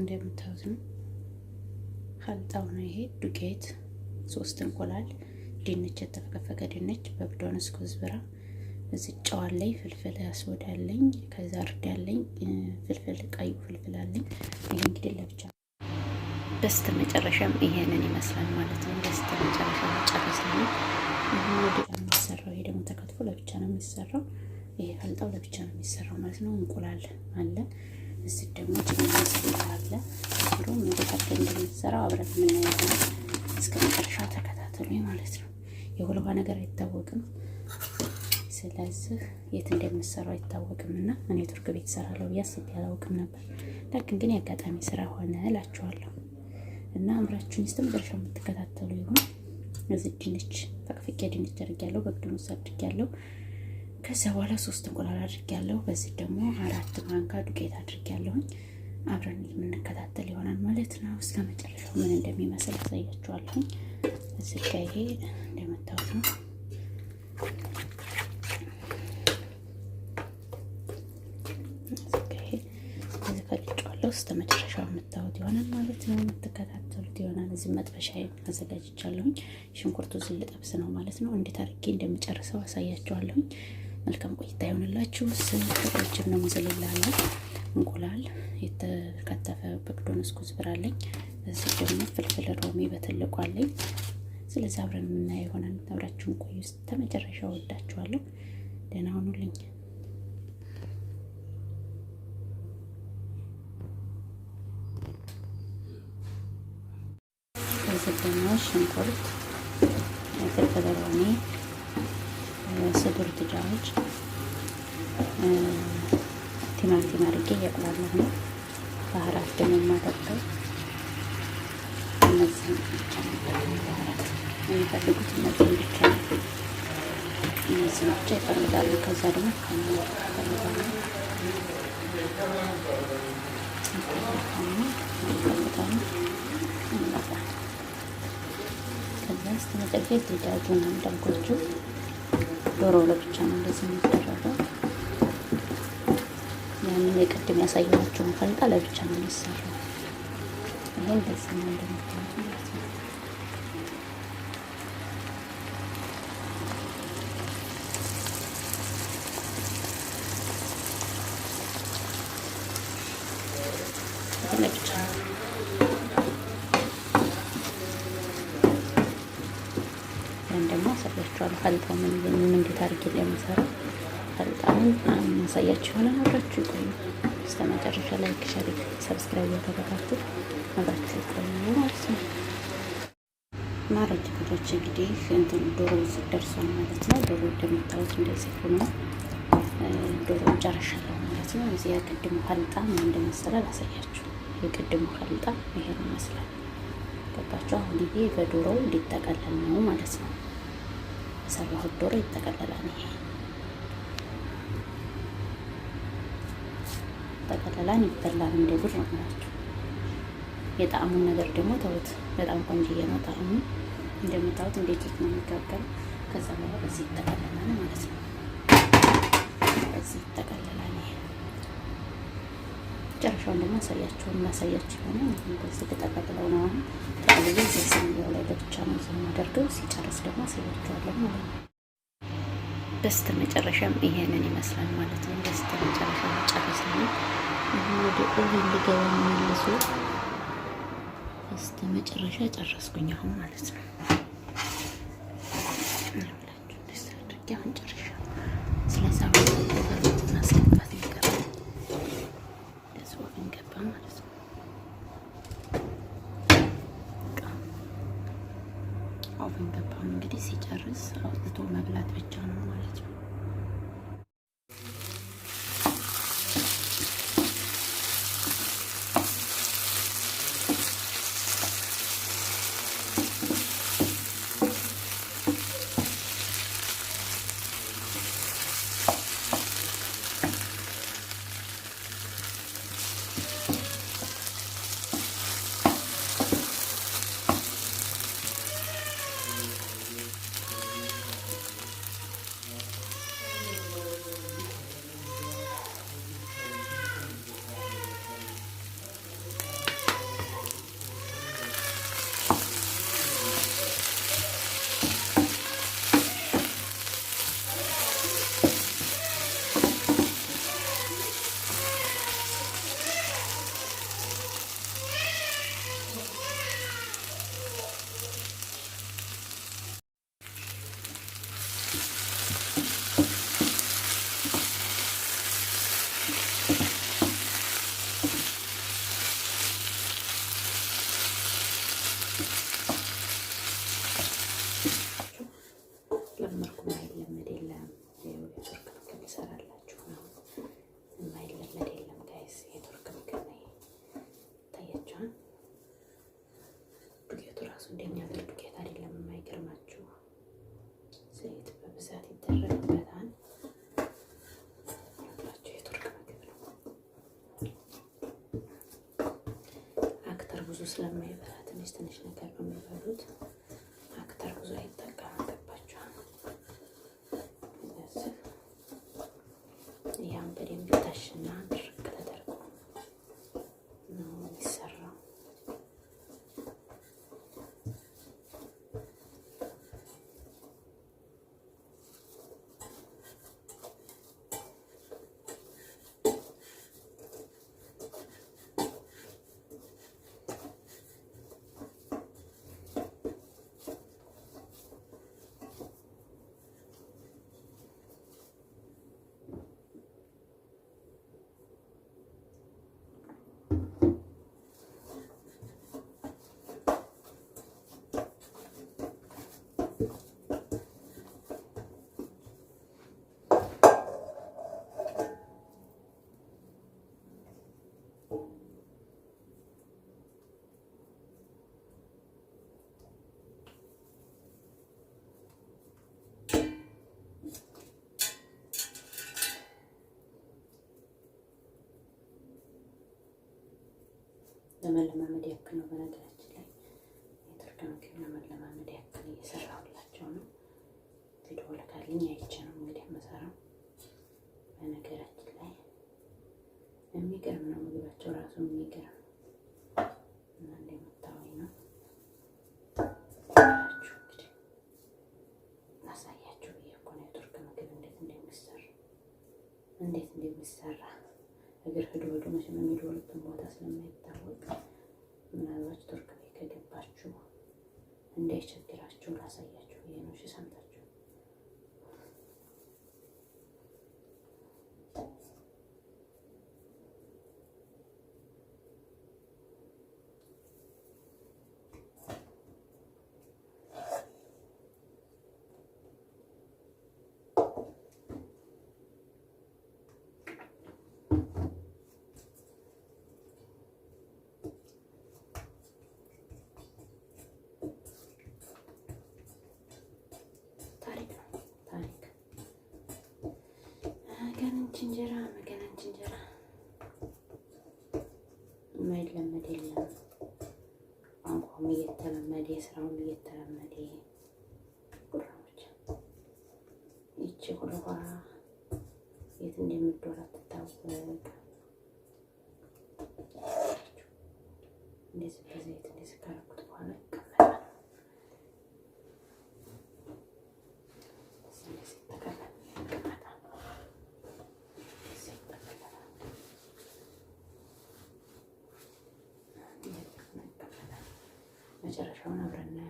እንደምታዩት ነው። ሀልጣው ነው ይሄ ዱቄት፣ ሶስት እንቁላል፣ ድንች፣ የተፈቀፈቀ ድንች በብዶንስ ኩዝብራ እዚህ ጨዋለኝ ፍልፍል ያስወዳለኝ ከዛ እርዳለኝ ፍልፍል ቀዩ ፍልፍል አለኝ። ይሄ እንግዲህ ለብቻ በስተ መጨረሻም ይሄንን ይመስላል ማለት ነው። በስተ መጨረሻ ጨርሰናል። ይሄ ወዲያ የሚሰራው ይሄ ደግሞ ተከትፎ ለብቻ ነው የሚሰራው። ይሄ ሀልጣው ለብቻ ነው የሚሰራው ማለት ነው። እንቁላል አለ እስኪ ደግሞ ጅብና ሩ እንዴት አድርጌ እንደምትሰራው የምናየው እስከ መጨረሻው ተከታተሉ ማለት ነው። የወለባ ነገር አይታወቅም። ስለዚህ የት እንደምትሰራው አይታወቅም እና እኔ ቱርክ ቤት እሰራለሁ ብዬ አስቤ አላውቅም ነበር። ዳግን ግን የአጋጣሚ ስራ ሆነ እላችኋለሁ እና አምራችሁን እስከ መጨረሻው የምትከታተሉ ይሁን። እዚህ ድንች ተቅፍቄ ድንች አድርጌያለሁ። በግድኑ አድርጌያለሁ ከዚያ በኋላ ሶስት እንቁላል ያለሁ በዚህ ደግሞ አራት ማንካ ዱቄት አድርጊያለሁኝ። አብረን የምንከታተል ይሆናል ማለት ነው። እስከ መጨረሻው ምን እንደሚመስል አሳያችኋለሁኝ። እዚህ ጋ ይሄ እንደመታወት ነው። ውስጥ መጨረሻው የምታዩት ይሆናል ማለት ነው። የምትከታተሉት ይሆናል። እዚህ መጥበሻ አዘጋጅቻለሁኝ። ሽንኩርቱ ዝልጠብስ ነው ማለት ነው። እንዴት አድርጌ እንደምጨርሰው አሳያችኋለሁኝ። መልካም ቆይታ ይሆንላችሁ። ስንት ጥቅሎችን ነው ሙዝልላለ እንቁላል የተከተፈ በቅዶን እስኩ ዝብራለኝ። እዚህ ደግሞ ፍልፍል ሮሚ በትልቁ አለኝ። ስለዚህ አብረን የምናየው ይሆናል። አብራችሁን ቆዩ ተመጨረሻ መጨረሻው። ወዳችኋለሁ። ደህና ሁኑልኝ። ደግሞ ሽንኩርት ፍልፍል ሮሚ ስዱር ድጃዎች ቲማቲም አድርጌ እያቁላለሁ ነው። ባህራት ደግሞ የማደርገው እነዚህ ብቻ ባህራት የሚፈልጉት እነዚህን ብቻ እነዚህ ብቻ ይፈልጋሉ። ከዛ ደግሞ ይፈልጋሉ ይፈልጋሉ ከዛ ስተመጨረሻ ድጃጁን አንዳርጎቹ ዶሮ ለብቻ ነው እንደዚህ የሚደረገው። ያንን የቅድም ያሳየኋቸውን ፈልጣ ለብቻ ነው የሚሰራው። ይሄ እንደዚህ ነው እንደምታዩት ማለት ነው። ለብቻ ነው ደግሞ አሳያችኋለሁ። ፈልጣ ምን እንዴት አድርጌ እንደምሰራ ሀልጣውን አሳያችሁ ይሆናል። አብራችሁ ይቆዩ እስከ መጨረሻ። ላይክ፣ ሸር፣ ሰብስክራይብ ያደረጋችሁ አብራችሁ ይቆዩ ማለት ነው። ማረጅ ብቶች እንግዲህ እንትን ዶሮ ደርሷል ማለት ነው። ዶሮ እንደምታዩት እንደዚህ ሆኖ ዶሮ ጨርሻለሁ ማለት ነው። እዚህ የቅድሙ ፈልጣ ምን እንደመሰለ ላሳያችሁ። የቅድሙ ፈልጣ ይሄን ይመስላል። ገባችሁ? አሁን ይሄ በዶሮው እንዲጠቀለል ነው ማለት ነው። የሰራሁት ዶሮ ይጠቀለላል። ይሄ ጠቀለላን ይበላል። እንደ ጉድ ነው ማለት የጣዕሙን ነገር ደግሞ ተውት። በጣም ቆንጅዬ ነው ጣዕሙ። እንደምታዩት እንደ ኬክ ነው የሚጋገረው። ከዛ በኋላ ይጠቀለላል ማለት ነው። መጨረሻውን ደግሞ አሳያችሁ እናሳያችሁ ሆነ እንደዚህ ተጠቅልለው ነው አሁን ተጠቅልዬ እዚህ ስንያው ላይ ለብቻ ነው እዚህ የማደርገው። ሲጨርስ ደግሞ አሳያችኋለሁ ማለት ነው። በስተ መጨረሻም ይሄንን ይመስላል ማለት ነው። በስተ መጨረሻ መጨረስ ነው ወደ ኦቨን ሊገባ መልሶ በስተ መጨረሻ ጨረስኩኝ አሁን ማለት ነው። ሁላችሁ ደስ አድርጌ አሁን ጨርሻ አብረን ገባ ማለት ነው። አብረን ገባን እንግዲህ ሲጨርስ አውጥቶ መብላት ብቻ ነው ማለት ነው። ብዙ ስለማይበላ ትንሽ ትንሽ ነገር ነው የሚበሉት። አክተር ብዙ አይጠቀም ገባችኋል። እያም በደንብ ታሽና ለመለማመድ ያክል ነው። በነገራችን ላይ የቱርክ ምግብ ለመለማመድ ያክል እየሰራሁላቸው ነው። ቪዲዮ ልካልኝ አይቼ ነው እንግዲህ የምሰራው። በነገራችን ላይ የሚገርም ነው ምግባቸው ራሱ የሚገርም እንዴት እንደሚሰራ እግር ሄዶ ሄዶ መቼ ነው የሚደወልበት ቦታ ስለማይታወቅ ምናልባት ቱርክ ቤት ከገባችሁ እንዳይቸግራችሁ ላሳያችሁ ብዬ ነው። እሺ እንጀራ መገናች እንጀራ የማይለመድ የለም። ቋንቋውም እየተለመደ ስራውም እየተለመደ ጉራዎች ይቺ ጉርዋ የት እንደምትወራ ትታወቅ። እንደዚህ በዘይት እንደዚህ ካረኩት በኋላ ይቀመጣል። Yo no aprendí.